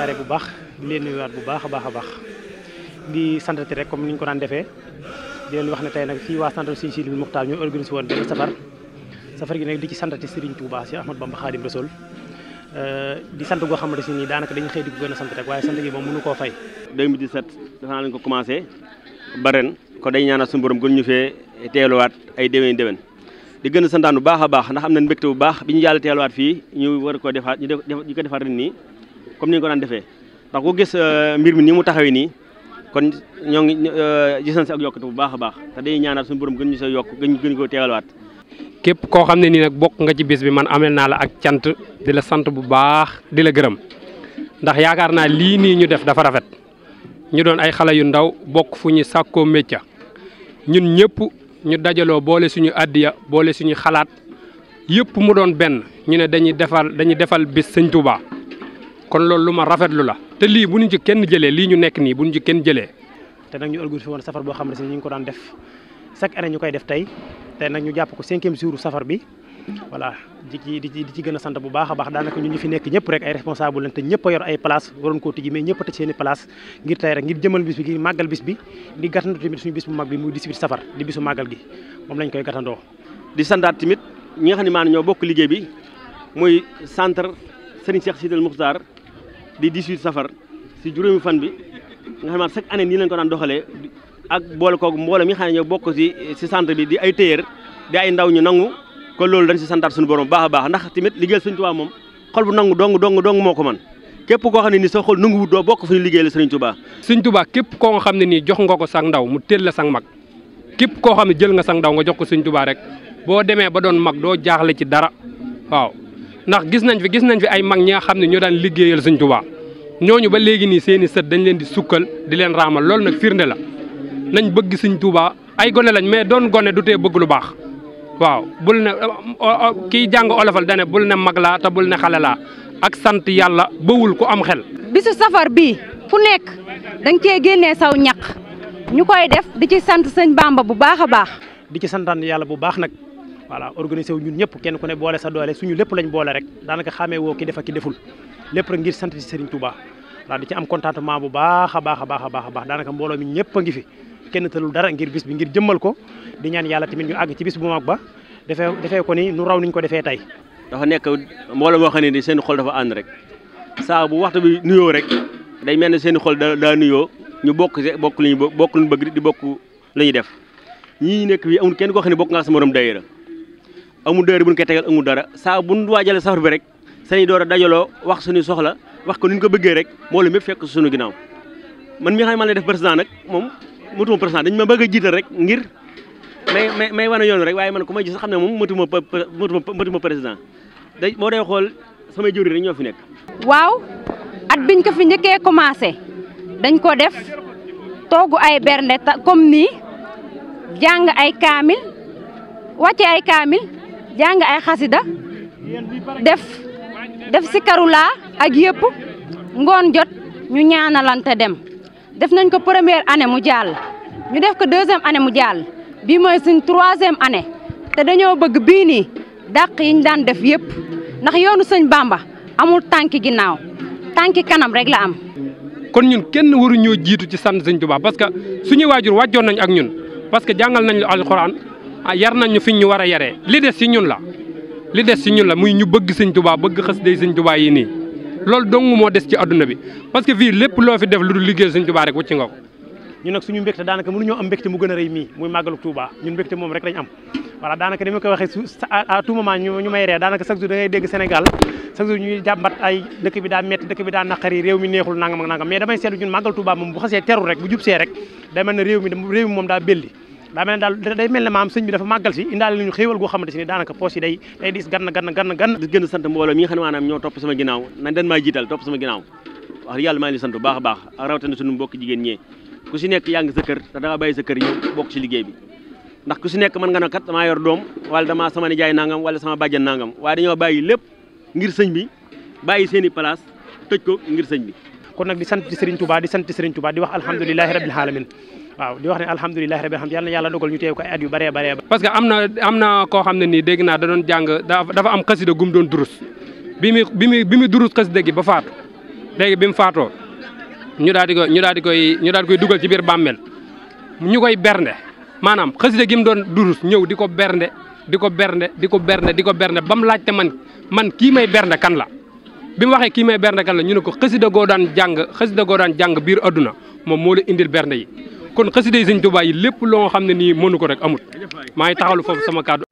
siyaare bu baax di leen nuyuwaat bu baax a baax a baax di santati rek comme ni ñu ko daan defee di leen wax ne tey nag fii waa centre Serigne Sidil Muxtaar ñu organisé woon benn safar safar si Ahmad Bamba Xaadim Rasul eh, di sant goo xamante si nii daanaka dañu xëy di gën a sant rek waaye sant gi moom mënu koo fay. 2017 dafa naa lañ ko commencé ba ren kon dañu ñaanal suñu borom fee teeluwaat ay déwén déwén di gën a santaan bu baax a baax ndax am na mbégte bu baax bi ñu yàlla teeluwaat fii comme ni nga ko daan defee ndax ko gis euh, mbir mi ni mu taxawee nii kon ñoo ngi euh, gis nañ si ak yokkute bu baax a baax te day ñaanaat suñu borom gën ñu sa yokk gën gën koo teewalwaat képp koo xam ne nii nag bokk nga ci bis bi man amee naa la ak cant di la sant bu baax di la gërëm ndax yaakaar naa lii nii ñu def dafa rafet ñu doon ay xale yu ndaw bokk fu ñu sàkkoo métier ñun ñëpp ñu dajaloo boole suñu addiya boole suñu xalaat yëpp mu doon benn ñu ne dañuy defal dañuy defal bis sëñ Touba. kon loolu lu ma rafetlu la te lii bu ñu ci kenn jëlee lii ñu nekk nii bu ñu ci kenn jëlee. te nag ñu ëlgu fi woon safar boo xam ne si ñu ngi ko daan def chaque année ñu koy def tey tey nag ñu ko cinquième jour safar bi voilà di ci di ci gën a sant bu baax a baax daanaka ñun ñu fi nekk ñëpp rek ay responsable lañ te ñëpp a yor ay i place ngir bis bi ngir bis bi di gàttandoo tamit suñu bis bu mag bi muy 18 safar di bisu màggal gi moom lañ koy gàttandoo. di santaat tamit ñi nga xam ne maanaam ñoo bokk liggéey bi muy centre Serigne Cheikh Sidil Moukhtar di 18 safar si juróomi fan bi nga xam ne chaque année nii lañ ko daan doxalee ak boole koog mbooloo mi xam ñoo bokk si si sant bi di ay téyeer di ay ndaw ñu nangu ko loolu dañ si santaat suñu borom baax a baax ndax tamit liggéeyal Sëriñ Tuubaa moom xol bu nangu dong dong dong moo ko man képp koo xam ne nii sa xol nangu wut doo bokk fu ñu liggéeyal Sëriñ Tuubaa Sëriñ tubaa képp koo nga xam ne nii jox nga ko sang ndaw mu teel la sang mag képp koo xam ne jël nga sang ndaw nga jox ko Sëriñ rek boo demee ba doon mag doo jaaxle ci dara waaw ndax gis nañ fi gis nañ fi ay mag ñaa xam ne ñoo daan liggéeyal Sëñ Tuubaa ñooñu ba léegi nii seeni sët dañ leen di sukkal di leen raamal lool nag firnde la nañ bëgg Sëñ Tuubaa ay gone lañ mais doon gone du tee bëgg lu baax waaw bul ne kiy jàng olofal dane bul ne mag laa te bul ne xale laa ak sant yàlla bawul ku am xel. bisu safar bii fu nekk dañ cee génnee saw ñaq ñu koy def di ci sant sëñ Bamba bu baax a baax. di ci santaan yàlla bu baax nag. voilà organisé wu ñun ñëpp kenn ku ne boole sa doole ñu lépp lañ boole rek daanaka xamee woo ki def ak ki deful lépp rek ngir sant ci Serigne Touba waaw di ci am contentement bu baax a baax baax a a baax daanaka mbooloo mi ñëpp a ngi fi kenn tëlul dara ngir bis bi ngir jëmmal ko di ñaan yàlla tamit ñu àgg ci bis bu mag ba defee defee ko ni nu raw niñ ko defee tey. dafa nekk mbooloo moo xam ne ni seen xol dafa ànd rek saa bu waxtu bi nuyoo rek day mel ne seen xol da daa nuyoo ñu bokk bokk li ñu bokk lu ñu di bokk la ñuy def ñii nekk bi amul kenn koo xam ne bokk ngaa sa morom daayira amul dër bu ñu koy tegal amul dara saa bu ñu waajalee safar bi rek sañuy door a dajaloo wax suñu soxla wax ko ni ñu ko bëggee rek moo mbooloo mépp fekk suñu ginnaaw man mi xam ne man def président nag moom motuma président dañ ma bëgg jiital rek ngir may may may wane yoon rek waaye man ku may gis xam ne moom motuma motuma président day moo dee xool samay jëwriñ rek ñoo fi nekk. waaw at biñ ko fi njëkkee commencer dañ ko def toogu ay bernde comme nii jàng ay kaamil wàcce ay kaamil. jàng ay xasida def def si karulaa ak yëpp ngoon jot ñu ñaanalante dem def nañ ko première année mu jàll ñu def ko deuxième année mu jàll bii mooy suñ troisième année te dañoo bëgg bii nii dàq yiñ daan def yëpp ndax yoonu sëñ Bàmba amul tànki ginnaaw tànki kanam rek la am kon ñun kenn waruñoo jiitu ci sant sëñ Tuubaa parce que suñuy waajur wàjjoon nañ ak ñun parce que jàngal nañu la alxuraan ah yar nañ ñu fi ñu war a yare li des si ñun la li des si la muy ñu bëgg sëñ Tuubaa bëgg xës day sëñ Tuubaa yi nii loolu dong moo des ci adduna bi parce que fii lépp fi def lu dul liggéey sëñ Tuubaa rek wucci nga ko ñu nag a rëy mii muy màggalu Tuubaa ñun mbégte moom rek lañ am voilà daanaka ni waxee su à tout moment ñu may ree daanaka chaque jour da ngay dégg Sénégal chaque jour ñuy jàmbat ay dëkk bi daa metti dëkk bi daa naqari réew mi neexul nangam ak moom bu xasee rek bu ne réew mi réew mi moom daa belli daa mel ne daal day mel ne maam sëñ bi dafa màggal si indaale nañu xéewal goo xamante si ni daanaka poos yi day day diis gann gann gann gann di gën a sant mbooloo mi nga xam ne maanaam ñoo topp sama ginnaaw nañ den maa jiital topp sama ginnaaw wax dëgg yàlla maa ngi sant bu baax a baax rawatina suñu mbokki jigéen ñee ku si nekk yaa ngi sa kër te da nga sa kër ñëw bokk si liggéey bi ndax ku si nekk mën nga ne kat damaa yor doom wala damaa sama nijaay nangam wala sama bàjjan nangam waaye dañoo bàyyi lépp ngir sëñ bi bàyyi seen i place tëj ko ngir sëñ bi kon nag di sant ci Serigne di sant ci Serigne di wax alhamdulilahi rabil alamin waaw di wax ne alhamdulilahi rabil alamin yal na yàlla dogal ñu teew ko ay at yu bëree bëree parce que am na am na koo xam ne nii dégg naa da doon jàng dafa am xasida gum doon durus bi mu bi mu bi mu durus xasida gi ba faatu léegi bi mu faatoo ñu daal di koy ñu daal koy ñu daal di koy dugal ci biir bàmmeel ñu koy bernde maanaam xasida gi mu doon durus ñëw di ko bernde di ko bernde di ko bernde di ko bernde ba mu laajte man man kii may bernde kan la bi mu waxee kii may bernde kan la ñu ne ko xasida goo daan jàng xasida goo daan jàng biir adduna moom moo la indil bernde yi kon xasida yi sëñ Tuubaa yi lépp loo xam ne nii mënu ko rek amut maa ngi taxawlu foofu sama kàddu